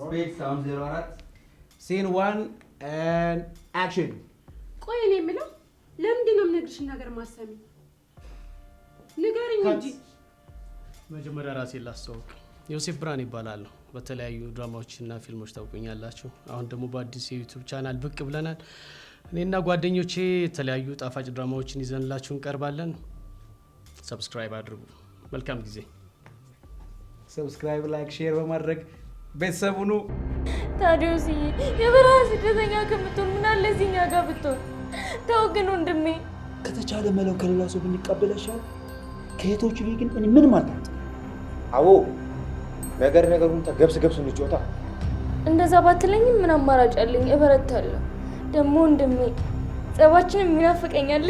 ስፔስ አሁን ዜሮ አራት ሲን ዋን አክሽን። ቆይ እኔ የምለው ለምንድን ነው የምነግርሽን ነገር ማሰሚ? ንገሪኝ እንጂ። መጀመሪያ ራሴን ላስተዋውቅ፣ ዮሴፍ ብርሃን ይባላለሁ። በተለያዩ ድራማዎችና ፊልሞች ታውቁኛላችሁ። አሁን ደግሞ በአዲስ የዩቱብ ቻናል ብቅ ብለናል። እኔና ጓደኞቼ የተለያዩ ጣፋጭ ድራማዎችን ይዘንላችሁ እንቀርባለን። ሰብስክራይብ አድርጉ። መልካም ጊዜ። ሰብስክራይብ፣ ላይክ፣ ሼር በማድረግ ቤተሰቡኑ ሁኑ። ታዲዮስዬ የበረሃ ስደተኛ ከምትሆን ምን ምናለ እዚህኛ ጋር ብትሆን። ተው ግን ወንድሜ፣ ከተቻለ መለው ከሌላ ሰው ብንቀበል ይሻላል። ከየቶቹ ላይ ግን እኔ ምን ማለት አዎ፣ ነገር ነገሩን ገብስ ገብስ እንጫወታ። እንደዛ ባትለኝም ምን አማራጭ አለኝ? እበረታለሁ። ደግሞ ወንድሜ ጸባችንም ይናፍቀኛል።